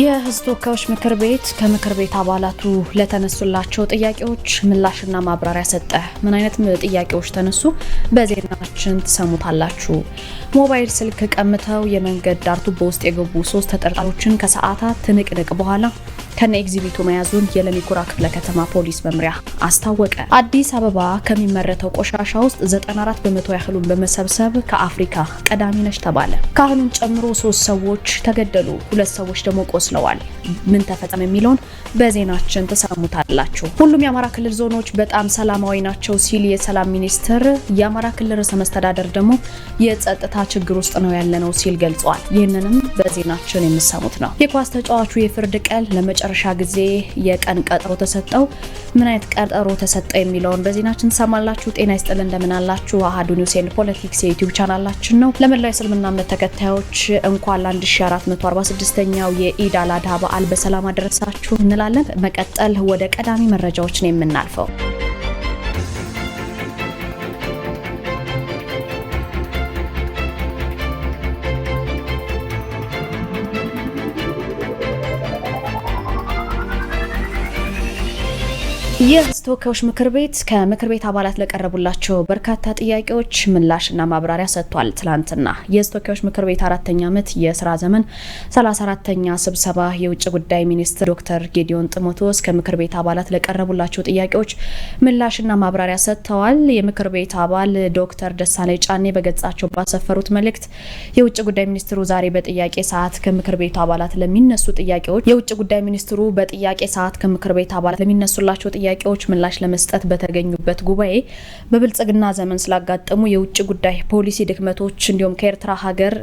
የህዝብ ተወካዮች ምክር ቤት ከምክር ቤት አባላቱ ለተነሱላቸው ጥያቄዎች ምላሽና ማብራሪያ ሰጠ። ምን አይነት ጥያቄዎች ተነሱ? በዜናችን ትሰሙታላችሁ። ሞባይል ስልክ ቀምተው የመንገድ ዳር ቱቦ ውስጥ የገቡ ሶስት ተጠርጣሪዎችን ከሰዓታት ትንቅንቅ በኋላ ከነ ኤግዚቢቱ መያዙን የለሚኩራ ክፍለ ከተማ ፖሊስ መምሪያ አስታወቀ። አዲስ አበባ ከሚመረተው ቆሻሻ ውስጥ 94 በመቶ ያህሉን በመሰብሰብ ከአፍሪካ ቀዳሚ ነች ተባለ። ካህኑን ጨምሮ ሶስት ሰዎች ተገደሉ፣ ሁለት ሰዎች ደግሞ ቆስለዋል። ምን ተፈጸመ የሚለውን በዜናችን ተሰሙታላችሁ። ሁሉም የአማራ ክልል ዞኖች በጣም ሰላማዊ ናቸው ሲል የሰላም ሚኒስትር፣ የአማራ ክልል ርዕሰ መስተዳደር ደግሞ የጸጥታ ችግር ውስጥ ነው ያለነው ሲል ገልጿል። ይህንንም በዜናችን የምሰሙት ነው። የኳስ ተጫዋቹ የፍርድ ቀል ለመ ለመጨረሻ ጊዜ የቀን ቀጠሮ ተሰጠው። ምን አይነት ቀጠሮ ተሰጠው የሚለውን በዜናችን ሰማላችሁ ጤና ይስጥል እንደምን አላችሁ። አሀዱ ኒውስ ኤንድ ፖለቲክስ የዩቲዩብ ቻናላችን ነው። ለመላው የእስልምና እምነት ተከታዮች እንኳን ለ1446ኛው የኢድ አል አድሃ በዓል በሰላም አደረሳችሁ እንላለን። መቀጠል ወደ ቀዳሚ መረጃዎች ነው የምናልፈው። Я. ተወካዮች ምክር ቤት ከምክር ቤት አባላት ለቀረቡላቸው በርካታ ጥያቄዎች ምላሽና ማብራሪያ ሰጥቷል። ትላንትና የህዝብ ተወካዮች ምክር ቤት አራተኛ ዓመት የስራ ዘመን 34ተኛ ስብሰባ የውጭ ጉዳይ ሚኒስትር ዶክተር ጌዲዮን ጢሞቴዎስ ከምክር ቤት አባላት ለቀረቡላቸው ጥያቄዎች ምላሽና ማብራሪያ ሰጥተዋል። የምክር ቤት አባል ዶክተር ደሳለኝ ጫኔ በገጻቸው ባሰፈሩት መልእክት የውጭ ጉዳይ ሚኒስትሩ ዛሬ በጥያቄ ሰዓት ከምክር ቤቱ አባላት ለሚነሱ ጥያቄዎች የውጭ ጉዳይ ሚኒስትሩ በጥያቄ ሰዓት ከምክር ቤት አባላት ለሚነሱላቸው ጥያቄዎች ምላሽ ለመስጠት በተገኙበት ጉባኤ በብልጽግና ዘመን ስላጋጠሙ የውጭ ጉዳይ ፖሊሲ ድክመቶች እንዲሁም ከኤርትራ ሀገር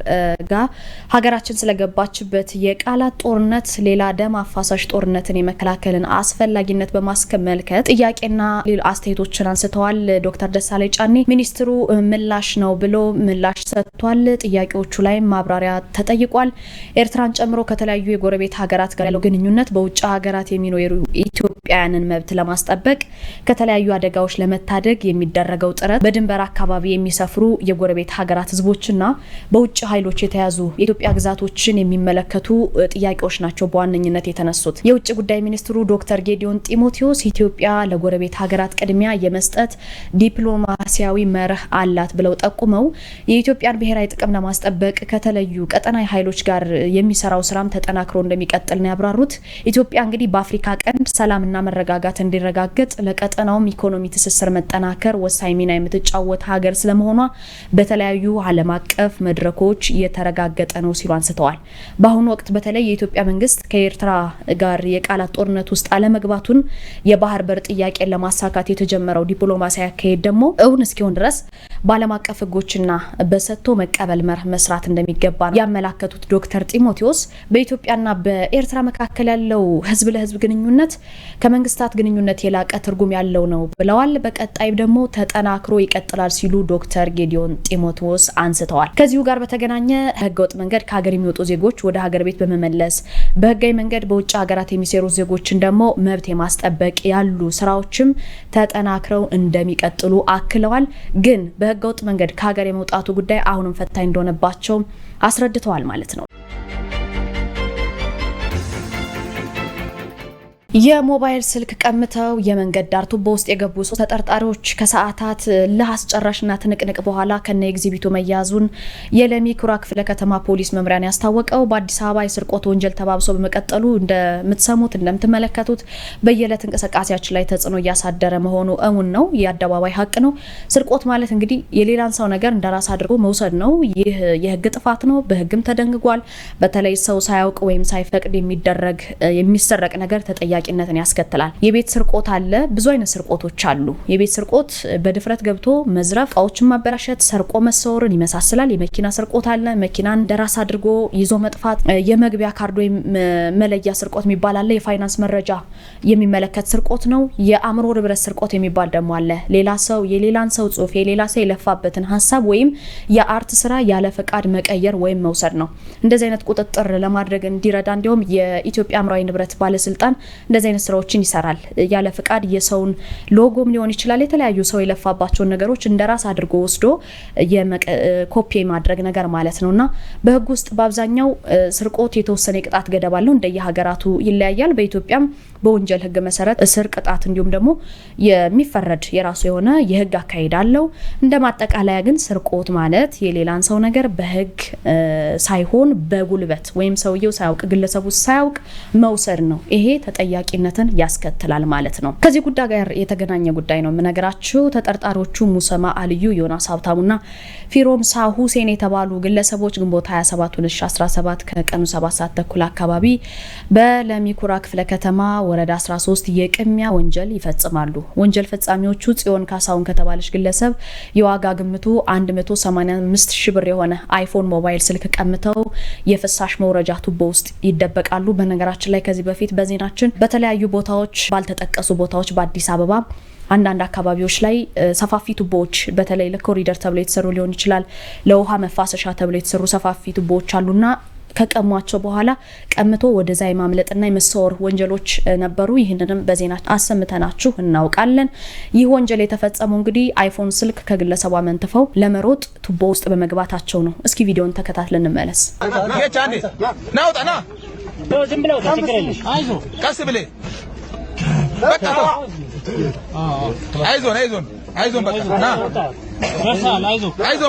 ጋር ሀገራችን ስለገባችበት የቃላት ጦርነት ሌላ ደም አፋሳሽ ጦርነትን የመከላከልን አስፈላጊነት በማስመልከት ጥያቄና ሌሎች አስተያየቶችን አንስተዋል። ዶክተር ደሳሌ ጫኔ ሚኒስትሩ ምላሽ ነው ብሎ ምላሽ ሰጥቷል። ጥያቄዎቹ ላይ ማብራሪያ ተጠይቋል። ኤርትራን ጨምሮ ከተለያዩ የጎረቤት ሀገራት ጋር ያለው ግንኙነት በውጭ ሀገራት የሚኖሩ የኢትዮጵያውያንን መብት ለማስጠበቅ ከተለያዩ አደጋዎች ለመታደግ የሚደረገው ጥረት በድንበር አካባቢ የሚሰፍሩ የጎረቤት ሀገራት ህዝቦችና በውጭ ኃይሎች የተያዙ የኢትዮጵያ ግዛቶችን የሚመለከቱ ጥያቄዎች ናቸው በዋነኝነት የተነሱት። የውጭ ጉዳይ ሚኒስትሩ ዶክተር ጌዲዮን ጢሞቴዎስ ኢትዮጵያ ለጎረቤት ሀገራት ቅድሚያ የመስጠት ዲፕሎማሲያዊ መርህ አላት ብለው ጠቁመው የኢትዮጵያን ብሔራዊ ጥቅም ለማስጠበቅ ከተለዩ ቀጠናዊ ኃይሎች ጋር የሚሰራው ስራም ተጠናክሮ እንደሚቀጥል ነው ያብራሩት። ኢትዮጵያ እንግዲህ በአፍሪካ ቀንድ ሰላምና መረጋጋት እንዲረጋገጥ ለቀጠናውም ኢኮኖሚ ትስስር መጠናከር ወሳኝ ሚና የምትጫወት ሀገር ስለመሆኗ በተለያዩ ዓለም አቀፍ መድረኮች የተረጋገጠ ነው ሲሉ አንስተዋል። በአሁኑ ወቅት በተለይ የኢትዮጵያ መንግስት ከኤርትራ ጋር የቃላት ጦርነት ውስጥ አለመግባቱን የባህር በር ጥያቄን ለማሳካት የተጀመረው ዲፕሎማሲያዊ አካሄድ ደግሞ እውን እስኪሆን ድረስ በዓለም አቀፍ ህጎችና በሰጥቶ መቀበል መርህ መስራት እንደሚገባ ነው ያመላከቱት ዶክተር ጢሞቴዎስ በኢትዮጵያና በኤርትራ መካከል ያለው ህዝብ ለህዝብ ግንኙነት ከመንግስታት ግንኙነት የላቀ ትርጉም ያለው ነው ብለዋል። በቀጣይ ደግሞ ተጠናክሮ ይቀጥላል ሲሉ ዶክተር ጌዲዮን ጢሞቴዎስ አንስተዋል። ከዚሁ ጋር በተገናኘ ህገወጥ መንገድ ከሀገር የሚወጡ ዜጎች ወደ ሀገር ቤት በመመለስ በህጋዊ መንገድ በውጭ ሀገራት የሚሰሩ ዜጎችን ደግሞ መብት የማስጠበቅ ያሉ ስራዎችም ተጠናክረው እንደሚቀጥሉ አክለዋል። ግን በ በህገወጥ መንገድ ከሀገር የመውጣቱ ጉዳይ አሁንም ፈታኝ እንደሆነባቸው አስረድተዋል ማለት ነው። የሞባይል ስልክ ቀምተው የመንገድ ዳር ቱቦ ውስጥ የገቡ ሶስት ተጠርጣሪዎች ከሰዓታት ለአስጨራሽና ትንቅንቅ በኋላ ከነ ኤግዚቢቱ መያዙን የለሚ ኩራ ክፍለ ከተማ ፖሊስ መምሪያን ያስታወቀው። በአዲስ አበባ የስርቆት ወንጀል ተባብሶ በመቀጠሉ እንደምትሰሙት እንደምትመለከቱት በየዕለት እንቅስቃሴያችን ላይ ተጽዕኖ እያሳደረ መሆኑ እሙን ነው። የአደባባይ ሀቅ ነው። ስርቆት ማለት እንግዲህ የሌላን ሰው ነገር እንደራስ አድርጎ መውሰድ ነው። ይህ የህግ ጥፋት ነው፣ በህግም ተደንግጓል። በተለይ ሰው ሳያውቅ ወይም ሳይፈቅድ የሚደረግ የሚሰረቅ ነገር ተጠያ ተጠያቂነትን ያስከትላል። የቤት ስርቆት አለ። ብዙ አይነት ስርቆቶች አሉ። የቤት ስርቆት በድፍረት ገብቶ መዝረፍ፣ እቃዎችን ማበላሸት፣ ሰርቆ መሰወርን ይመሳስላል። የመኪና ስርቆት አለ። መኪናን ደራስ አድርጎ ይዞ መጥፋት፣ የመግቢያ ካርድ ወይም መለያ ስርቆት የሚባል አለ። የፋይናንስ መረጃ የሚመለከት ስርቆት ነው። የአእምሮ ንብረት ስርቆት የሚባል ደግሞ አለ። ሌላ ሰው የሌላን ሰው ጽሁፍ የሌላ ሰው የለፋበትን ሀሳብ ወይም የአርት ስራ ያለ ፈቃድ መቀየር ወይም መውሰድ ነው። እንደዚህ አይነት ቁጥጥር ለማድረግ እንዲረዳ እንዲሁም የኢትዮጵያ አእምሯዊ ንብረት ባለስልጣን እንደዚህ አይነት ስራዎችን ይሰራል። ያለ ፍቃድ የሰውን ሎጎም ሊሆን ይችላል የተለያዩ ሰው የለፋባቸውን ነገሮች እንደራስ አድርጎ ወስዶ ኮፒ የማድረግ ነገር ማለት ነው እና በህግ ውስጥ በአብዛኛው ስርቆት የተወሰነ የቅጣት ገደብ አለው። እንደየ ሀገራቱ ይለያያል። በኢትዮጵያም በወንጀል ህግ መሰረት እስር፣ ቅጣት እንዲሁም ደግሞ የሚፈረድ የራሱ የሆነ የህግ አካሄድ አለው። እንደ ማጠቃለያ ግን ስርቆት ማለት የሌላን ሰው ነገር በህግ ሳይሆን በጉልበት ወይም ሰውየው ሳያውቅ ግለሰቡ ሳያውቅ መውሰድ ነው። ይሄ ተጠያቂነትን ያስከትላል ማለት ነው። ከዚህ ጉዳይ ጋር የተገናኘ ጉዳይ ነው የምነግራችሁ። ተጠርጣሪዎቹ ሙሰማ አልዩ፣ ዮናስ ሀብታሙና ሳ ሁሴን የተባሉ ግለሰቦች ግንቦት 27 2017 ከቀኑ 7 ሰዓት ተኩል አካባቢ በለሚኩራ ክፍለ ከተማ ወረዳ 13 የቅሚያ ወንጀል ይፈጽማሉ። ወንጀል ፈጻሚዎቹ ጽዮን ካሳሁን ከተባለች ግለሰብ የዋጋ ግምቱ 185 ሺ ብር የሆነ አይፎን ሞባይል ስልክ ቀምተው የፍሳሽ መውረጃ ቱቦ ውስጥ ይደበቃሉ። በነገራችን ላይ ከዚህ በፊት በዜናችን በተለያዩ ቦታዎች ባልተጠቀሱ ቦታዎች በአዲስ አበባ አንዳንድ አካባቢዎች ላይ ሰፋፊ ቱቦዎች በተለይ ለኮሪደር ተብሎ የተሰሩ ሊሆን ይችላል፣ ለውሃ መፋሰሻ ተብሎ የተሰሩ ሰፋፊ ቱቦዎች አሉና ከቀሟቸው በኋላ ቀምቶ ወደዛ የማምለጥና የመሰወር ወንጀሎች ነበሩ። ይህንንም በዜና አሰምተናችሁ እናውቃለን። ይህ ወንጀል የተፈጸመው እንግዲህ አይፎን ስልክ ከግለሰቡ መንትፈው ለመሮጥ ቱቦ ውስጥ በመግባታቸው ነው። እስኪ ቪዲዮን ተከታትለን እንመለስ። አይዞን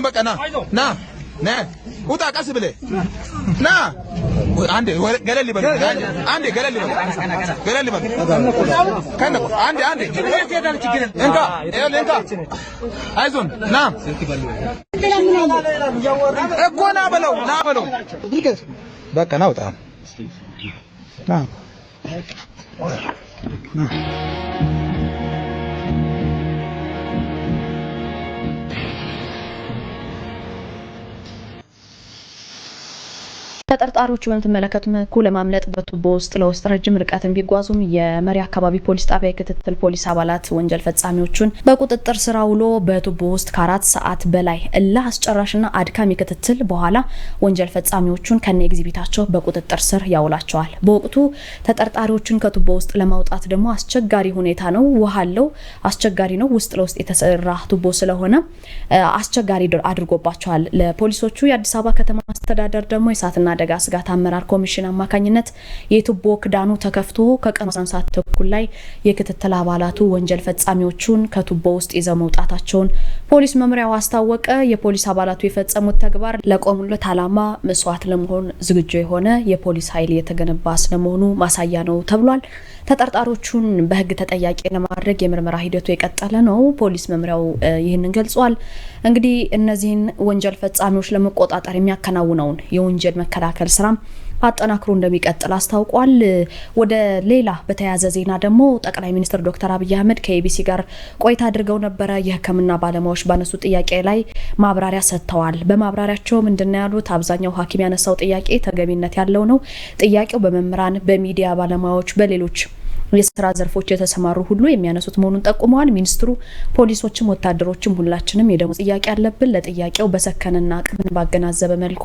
በቃ ና ውጣ፣ ቀስ ብለህ ና። አንዴ ገለል ይበል፣ አንዴ ገለል ይበል፣ ገለል ይበል። ከነቆ አንዴ አንዴ እንካ፣ እንካ፣ አይዞን፣ ና እኮ ና በለው፣ ና በለው። በቃ ና፣ ውጣ፣ ና ተጠርጣሪዎቹ በምትመለከት መልኩ ለማምለጥ በቱቦ ውስጥ ለውስጥ ረጅም ርቀትን ቢጓዙም የመሪ አካባቢ ፖሊስ ጣቢያ የክትትል ፖሊስ አባላት ወንጀል ፈጻሚዎቹን በቁጥጥር ስራ ውሎ በቱቦ ውስጥ ከአራት ሰዓት በላይ እልህ አስጨራሽና አድካሚ ክትትል በኋላ ወንጀል ፈጻሚዎቹን ከነ ኤግዚቢታቸው በቁጥጥር ስር ያውላቸዋል። በወቅቱ ተጠርጣሪዎቹን ከቱቦ ውስጥ ለማውጣት ደግሞ አስቸጋሪ ሁኔታ ነው። ውሃ አለው፣ አስቸጋሪ ነው። ውስጥ ለውስጥ የተሰራ ቱቦ ስለሆነ አስቸጋሪ አድርጎባቸዋል። ለፖሊሶቹ የአዲስ አበባ ከተማ አስተዳደር ደግሞ የእሳትና አደጋ ስጋት አመራር ኮሚሽን አማካኝነት የቱቦ ክዳኑ ተከፍቶ ከቀኑ 11 ሰዓት ተኩል ላይ የክትትል አባላቱ ወንጀል ፈጻሚዎቹን ከቱቦ ውስጥ ይዘው መውጣታቸውን ፖሊስ መምሪያው አስታወቀ። የፖሊስ አባላቱ የፈጸሙት ተግባር ለቆሙለት ዓላማ መስዋዕት ለመሆን ዝግጁ የሆነ የፖሊስ ኃይል የተገነባ ስለመሆኑ ማሳያ ነው ተብሏል። ተጠርጣሪዎቹን በህግ ተጠያቂ ለማድረግ የምርመራ ሂደቱ የቀጠለ ነው። ፖሊስ መምሪያው ይህንን ገልጿል። እንግዲህ እነዚህን ወንጀል ፈጻሚዎች ለመቆጣጠር የሚያከናውነውን የወንጀል መከላከል ስራም አጠናክሮ እንደሚቀጥል አስታውቋል። ወደ ሌላ በተያያዘ ዜና ደግሞ ጠቅላይ ሚኒስትር ዶክተር አብይ አህመድ ከኤቢሲ ጋር ቆይታ አድርገው ነበረ። የህክምና ባለሙያዎች ባነሱ ጥያቄ ላይ ማብራሪያ ሰጥተዋል። በማብራሪያቸው ምንድን ነው ያሉት? አብዛኛው ሐኪም ያነሳው ጥያቄ ተገቢነት ያለው ነው። ጥያቄው በመምህራን፣ በሚዲያ ባለሙያዎች፣ በሌሎች የስራ ዘርፎች የተሰማሩ ሁሉ የሚያነሱት መሆኑን ጠቁመዋል። ሚኒስትሩ ፖሊሶችም፣ ወታደሮችም ሁላችንም የደሞዝ ጥያቄ አለብን። ለጥያቄው በሰከነና አቅምን ባገናዘበ መልኩ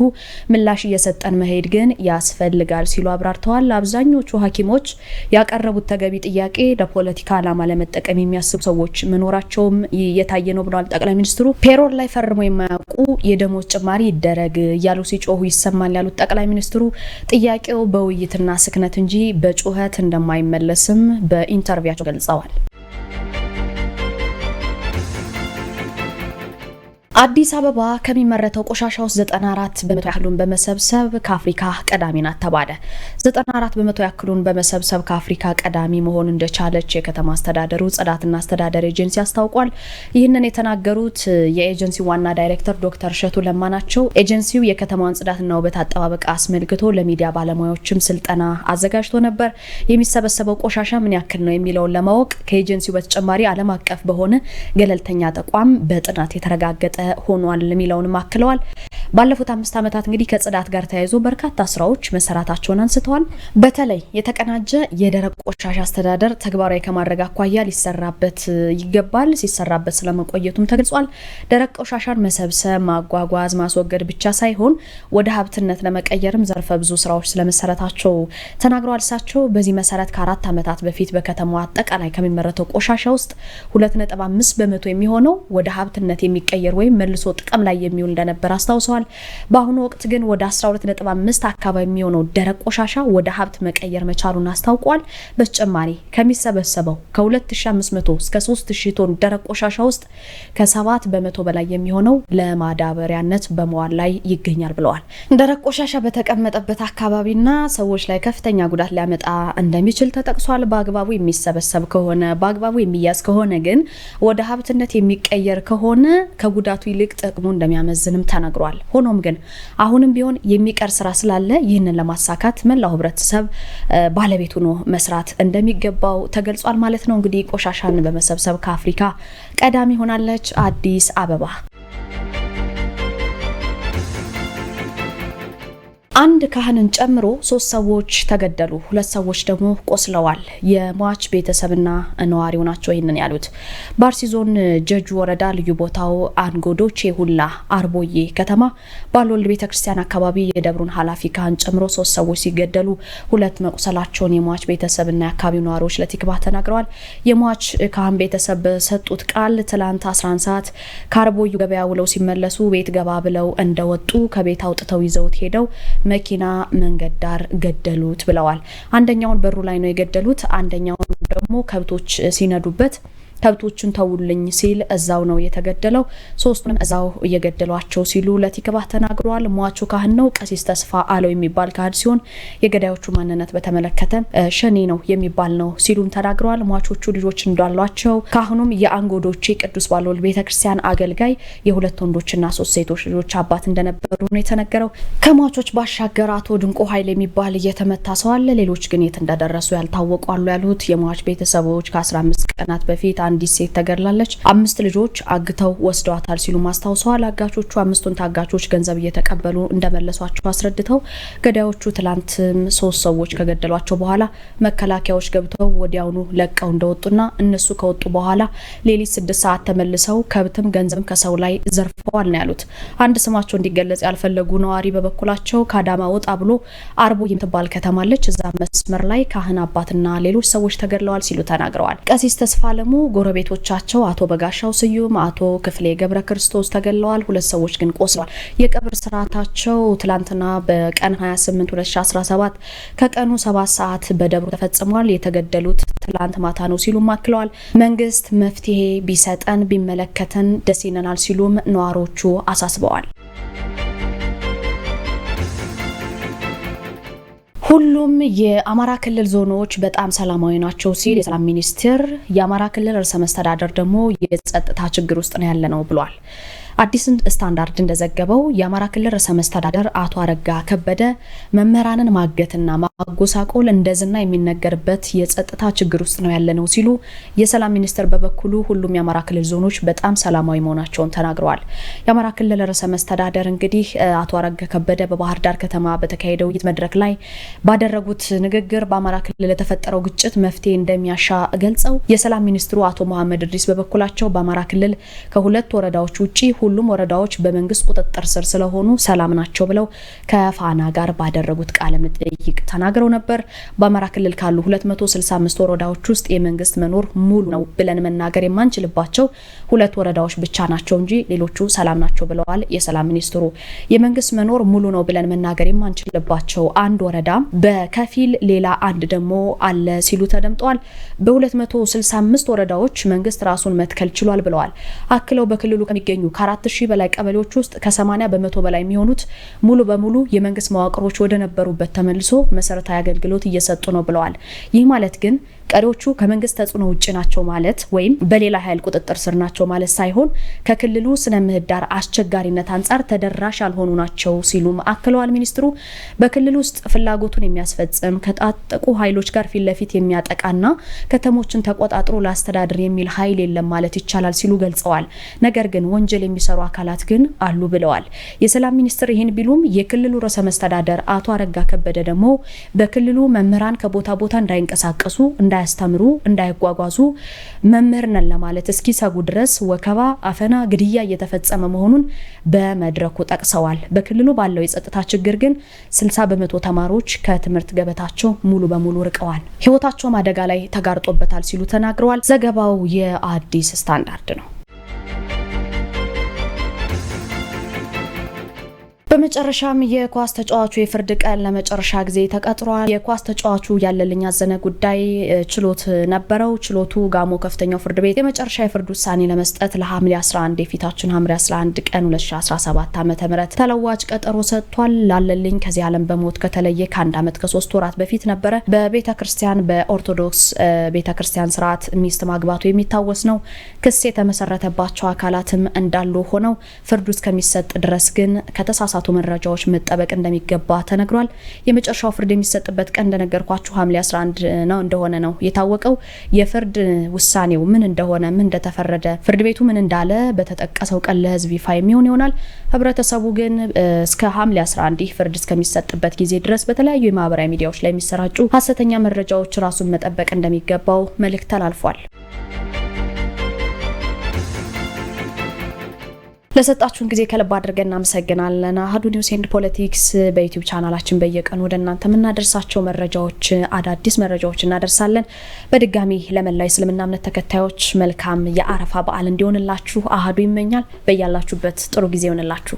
ምላሽ እየሰጠን መሄድ ግን ያስፈልጋል ሲሉ አብራርተዋል። አብዛኞቹ ሐኪሞች ያቀረቡት ተገቢ ጥያቄ ለፖለቲካ ዓላማ ለመጠቀም የሚያስቡ ሰዎች መኖራቸውም እየታየ ነው ብለዋል ጠቅላይ ሚኒስትሩ። ፔሮል ላይ ፈርሞ የማያውቁ የደሞዝ ጭማሪ ይደረግ እያሉ ሲጮሁ ይሰማል ያሉት ጠቅላይ ሚኒስትሩ ጥያቄው በውይይትና ስክነት እንጂ በጩኸት እንደማይመለስም በኢንተርቪያቸው ገልጸዋል። አዲስ አበባ ከሚመረተው ቆሻሻ ውስጥ 94 በመቶ ያህሉን በመሰብሰብ ከአፍሪካ ቀዳሚ ናት ተባለ። 94 በመቶ ያክሉን በመሰብሰብ ከአፍሪካ ቀዳሚ መሆን እንደቻለች የከተማ አስተዳደሩ ጽዳትና አስተዳደር ኤጀንሲ አስታውቋል። ይህንን የተናገሩት የኤጀንሲው ዋና ዳይሬክተር ዶክተር እሸቱ ለማ ናቸው። ኤጀንሲው የከተማዋን ጽዳትና ውበት አጠባበቅ አስመልክቶ ለሚዲያ ባለሙያዎችም ስልጠና አዘጋጅቶ ነበር። የሚሰበሰበው ቆሻሻ ምን ያክል ነው የሚለውን ለማወቅ ከኤጀንሲው በተጨማሪ ዓለም አቀፍ በሆነ ገለልተኛ ተቋም በጥናት የተረጋገጠ ሆኗል የሚለውንም አክለዋል። ባለፉት አምስት ዓመታት እንግዲህ ከጽዳት ጋር ተያይዞ በርካታ ስራዎች መሰራታቸውን አንስተዋል። በተለይ የተቀናጀ የደረቅ ቆሻሻ አስተዳደር ተግባራዊ ከማድረግ አኳያ ሊሰራበት ይገባል፣ ሲሰራበት ስለመቆየቱም ተገልጿል። ደረቅ ቆሻሻን መሰብሰብ፣ ማጓጓዝ፣ ማስወገድ ብቻ ሳይሆን ወደ ሀብትነት ለመቀየርም ዘርፈ ብዙ ስራዎች ስለመሰረታቸው ተናግረዋል። እሳቸው በዚህ መሰረት ከአራት ዓመታት በፊት በከተማዋ አጠቃላይ ከሚመረተው ቆሻሻ ውስጥ አምስት በመቶ የሚሆነው ወደ ሀብትነት የሚቀየር ወይም መልሶ ጥቅም ላይ የሚውል እንደነበር አስታውሰዋል። በአሁኑ ወቅት ግን ወደ 125 አካባቢ የሚሆነው ደረቅ ቆሻሻ ወደ ሀብት መቀየር መቻሉን አስታውቋል። በተጨማሪ ከሚሰበሰበው ከ2500 እስከ 3000 ቶን ደረቅ ቆሻሻ ውስጥ ከሰባት በመቶ በላይ የሚሆነው ለማዳበሪያነት በመዋል ላይ ይገኛል ብለዋል። ደረቅ ቆሻሻ በተቀመጠበት አካባቢና ሰዎች ላይ ከፍተኛ ጉዳት ሊያመጣ እንደሚችል ተጠቅሷል። በአግባቡ የሚሰበሰብ ከሆነ በአግባቡ የሚያዝ ከሆነ ግን ወደ ሀብትነት የሚቀየር ከሆነ ከጉዳቱ ይልቅ ጥቅሙ እንደሚያመዝንም ተነግሯል። ሆኖም ግን አሁንም ቢሆን የሚቀር ስራ ስላለ ይህንን ለማሳካት መላው ህብረተሰብ ባለቤቱ ሆኖ መስራት እንደሚገባው ተገልጿል ማለት ነው። እንግዲህ ቆሻሻን በመሰብሰብ ከአፍሪካ ቀዳሚ ሆናለች አዲስ አበባ። አንድ ካህንን ጨምሮ ሶስት ሰዎች ተገደሉ፣ ሁለት ሰዎች ደግሞ ቆስለዋል። የሟች ቤተሰብና ነዋሪው ናቸው ይህንን ያሉት። በአርሲ ዞን ጀጁ ወረዳ ልዩ ቦታው አንጎዶቼ ሁላ አርቦዬ ከተማ ባልወልድ ቤተ ክርስቲያን አካባቢ የደብሩን ኃላፊ ካህን ጨምሮ ሶስት ሰዎች ሲገደሉ ሁለት መቁሰላቸውን የሟች ቤተሰብና የአካባቢው ነዋሪዎች ለቲክባ ተናግረዋል። የሟች ካህን ቤተሰብ በሰጡት ቃል ትላንት 11 ሰዓት ከአርቦዩ ገበያ ውለው ሲመለሱ ቤት ገባ ብለው እንደወጡ ከቤት አውጥተው ይዘውት ሄደው መኪና መንገድ ዳር ገደሉት ብለዋል። አንደኛውን በሩ ላይ ነው የገደሉት፣ አንደኛውን ደግሞ ከብቶች ሲነዱበት ከብቶቹን ተውልኝ ሲል እዛው ነው የተገደለው። ሶስቱንም እዛው እየገደሏቸው ሲሉ ለቲክባህ ተናግረዋል። ሟቹ ካህን ነው ቀሲስ ተስፋ አለው የሚባል ካህን ሲሆን የገዳዮቹ ማንነት በተመለከተ ሸኔ ነው የሚባል ነው ሲሉም ተናግረዋል። ሟቾቹ ልጆች እንዳሏቸው ካህኑም የአንጎዶቼ ቅዱስ ባልወልድ ቤተክርስቲያን አገልጋይ የሁለት ወንዶችና ሶስት ሴቶች ልጆች አባት እንደነበሩ ነው የተነገረው። ከሟቾች ባሻገር አቶ ድንቆ ኃይል የሚባል እየተመታ ሰው አለ። ሌሎች ግን የት እንደደረሱ ያልታወቁ አሉ ያሉት የሟች ቤተሰቦች ከ15 ቀናት በፊት አንዲት ሴት ተገድላለች፣ አምስት ልጆች አግተው ወስደዋታል ሲሉ ማስታውሰዋል። አጋቾቹ አምስቱን ታጋቾች ገንዘብ እየተቀበሉ እንደመለሷቸው አስረድተው ገዳዮቹ ትላንትም ሶስት ሰዎች ከገደሏቸው በኋላ መከላከያዎች ገብተው ወዲያውኑ ለቀው እንደወጡና እነሱ ከወጡ በኋላ ሌሊት ስድስት ሰዓት ተመልሰው ከብትም ገንዘብም ከሰው ላይ ዘርፍ ተለቀዋል ነው ያሉት። አንድ ስማቸው እንዲገለጽ ያልፈለጉ ነዋሪ በበኩላቸው ከአዳማ ወጣ ብሎ አርቦ የምትባል ከተማለች። እዛ መስመር ላይ ካህን አባትና ሌሎች ሰዎች ተገድለዋል ሲሉ ተናግረዋል። ቀሲስ ተስፋ አለሙ ጎረቤቶቻቸው አቶ በጋሻው ስዩም፣ አቶ ክፍሌ ገብረ ክርስቶስ ተገድለዋል፣ ሁለት ሰዎች ግን ቆስለዋል። የቀብር ስርዓታቸው ትላንትና በቀን 28 2017 ከቀኑ 7 ሰዓት በደብሩ ተፈጽሟል። የተገደሉት ትላንት ማታ ነው ሲሉም አክለዋል። መንግስት መፍትሄ ቢሰጠን ቢመለከተን ደስ ይለናል ሲሉም ነዋሮ አመራሮቹ አሳስበዋል። ሁሉም የአማራ ክልል ዞኖች በጣም ሰላማዊ ናቸው ሲል የሰላም ሚኒስቴር፣ የአማራ ክልል ርዕሰ መስተዳደር ደግሞ የጸጥታ ችግር ውስጥ ነው ያለ ነው ብሏል። አዲስን ስታንዳርድ እንደዘገበው የአማራ ክልል ርዕሰ መስተዳደር አቶ አረጋ ከበደ መምህራንን ማገትና ማጎሳቆል እንደዝና የሚነገርበት የጸጥታ ችግር ውስጥ ነው ያለነው ሲሉ፣ የሰላም ሚኒስትር በበኩሉ ሁሉም የአማራ ክልል ዞኖች በጣም ሰላማዊ መሆናቸውን ተናግረዋል። የአማራ ክልል ርዕሰ መስተዳደር እንግዲህ አቶ አረጋ ከበደ በባህር ዳር ከተማ በተካሄደው ውይይት መድረክ ላይ ባደረጉት ንግግር በአማራ ክልል ለተፈጠረው ግጭት መፍትሄ እንደሚያሻ ገልጸው፣ የሰላም ሚኒስትሩ አቶ መሐመድ እድሪስ በበኩላቸው በአማራ ክልል ከሁለት ወረዳዎች ውጭ ሁሉም ወረዳዎች በመንግስት ቁጥጥር ስር ስለሆኑ ሰላም ናቸው ብለው ከፋና ጋር ባደረጉት ቃለ መጠይቅ ተናግረው ነበር። በአማራ ክልል ካሉ 265 ወረዳዎች ውስጥ የመንግስት መኖር ሙሉ ነው ብለን መናገር የማንችልባቸው ሁለት ወረዳዎች ብቻ ናቸው እንጂ ሌሎቹ ሰላም ናቸው ብለዋል የሰላም ሚኒስትሩ። የመንግስት መኖር ሙሉ ነው ብለን መናገር የማንችልባቸው አንድ ወረዳ በከፊል ሌላ አንድ ደግሞ አለ ሲሉ ተደምጠዋል። በ265 ወረዳዎች መንግስት ራሱን መትከል ችሏል ብለዋል። አክለው በክልሉ ከሚገኙ ከ4 ከአራት ሺህ በላይ ቀበሌዎች ውስጥ ከ80 በመቶ በላይ የሚሆኑት ሙሉ በሙሉ የመንግስት መዋቅሮች ወደ ነበሩበት ተመልሶ መሰረታዊ አገልግሎት እየሰጡ ነው ብለዋል። ይህ ማለት ግን ቀሪዎቹ ከመንግስት ተጽዕኖ ውጭ ናቸው ማለት ወይም በሌላ ኃይል ቁጥጥር ስር ናቸው ማለት ሳይሆን ከክልሉ ስነ ምህዳር አስቸጋሪነት አንጻር ተደራሽ ያልሆኑ ናቸው ሲሉም አክለዋል። ሚኒስትሩ በክልል ውስጥ ፍላጎቱን የሚያስፈጽም ከጣጠቁ ኃይሎች ጋር ፊት ለፊት የሚያጠቃና ከተሞችን ተቆጣጥሮ ላስተዳድር የሚል ኃይል የለም ማለት ይቻላል ሲሉ ገልጸዋል። ነገር ግን ወንጀል የሚሰሩ አካላት ግን አሉ ብለዋል። የሰላም ሚኒስትር ይህን ቢሉም የክልሉ ርዕሰ መስተዳደር አቶ አረጋ ከበደ ደግሞ በክልሉ መምህራን ከቦታ ቦታ እንዳይንቀሳቀሱ እንዳ እንዳያስተምሩ፣ እንዳይጓጓዙ መምህር ነን ለማለት እስኪሰጉ ድረስ ወከባ፣ አፈና፣ ግድያ እየተፈጸመ መሆኑን በመድረኩ ጠቅሰዋል። በክልሉ ባለው የጸጥታ ችግር ግን 60 በመቶ ተማሪዎች ከትምህርት ገበታቸው ሙሉ በሙሉ ርቀዋል፣ ህይወታቸውም አደጋ ላይ ተጋርጦበታል ሲሉ ተናግረዋል። ዘገባው የአዲስ ስታንዳርድ ነው። በመጨረሻም የኳስ ተጫዋቹ የፍርድ ቀን ለመጨረሻ ጊዜ ተቀጥሯል። የኳስ ተጫዋቹ ያለልኝ ያዘነ ጉዳይ ችሎት ነበረው። ችሎቱ ጋሞ ከፍተኛው ፍርድ ቤት የመጨረሻ የፍርድ ውሳኔ ለመስጠት ለሐምሌ 11 የፊታችን ሐምሌ 11 ቀን 2017 ዓ.ም ተለዋጭ ቀጠሮ ሰጥቷል። ላለልኝ ከዚህ ዓለም በሞት ከተለየ ከአንድ ዓመት ከሶስት ወራት በፊት ነበረ። በቤተ ክርስቲያን በኦርቶዶክስ ቤተ ክርስቲያን ስርዓት ሚስት ማግባቱ የሚታወስ ነው። ክስ የተመሰረተባቸው አካላትም እንዳሉ ሆነው ፍርዱ እስከሚሰጥ ድረስ ግን ከተሳሳቱ በወጣቱ መረጃዎች መጠበቅ እንደሚገባ ተነግሯል። የመጨረሻው ፍርድ የሚሰጥበት ቀን እንደነገርኳችሁ ሐምሌ 11 ነው እንደሆነ ነው የታወቀው። የፍርድ ውሳኔው ምን እንደሆነ ምን እንደተፈረደ ፍርድ ቤቱ ምን እንዳለ በተጠቀሰው ቀን ለህዝብ ይፋ የሚሆን ይሆናል። ህብረተሰቡ ግን እስከ ሐምሌ 11 ይህ ፍርድ እስከሚሰጥበት ጊዜ ድረስ በተለያዩ የማህበራዊ ሚዲያዎች ላይ የሚሰራጩ ሀሰተኛ መረጃዎች ራሱን መጠበቅ እንደሚገባው መልእክት ተላልፏል። ለሰጣችሁን ጊዜ ከልብ አድርገን እናመሰግናለን። አህዱ ኒውስ ኤንድ ፖለቲክስ በዩቲዩብ ቻናላችን በየቀኑ ወደ እናንተ የምናደርሳቸው መረጃዎች፣ አዳዲስ መረጃዎች እናደርሳለን። በድጋሚ ለመላው የእስልምና እምነት ተከታዮች መልካም የአረፋ በዓል እንዲሆንላችሁ አህዱ ይመኛል። በያላችሁበት ጥሩ ጊዜ ይሆንላችሁ።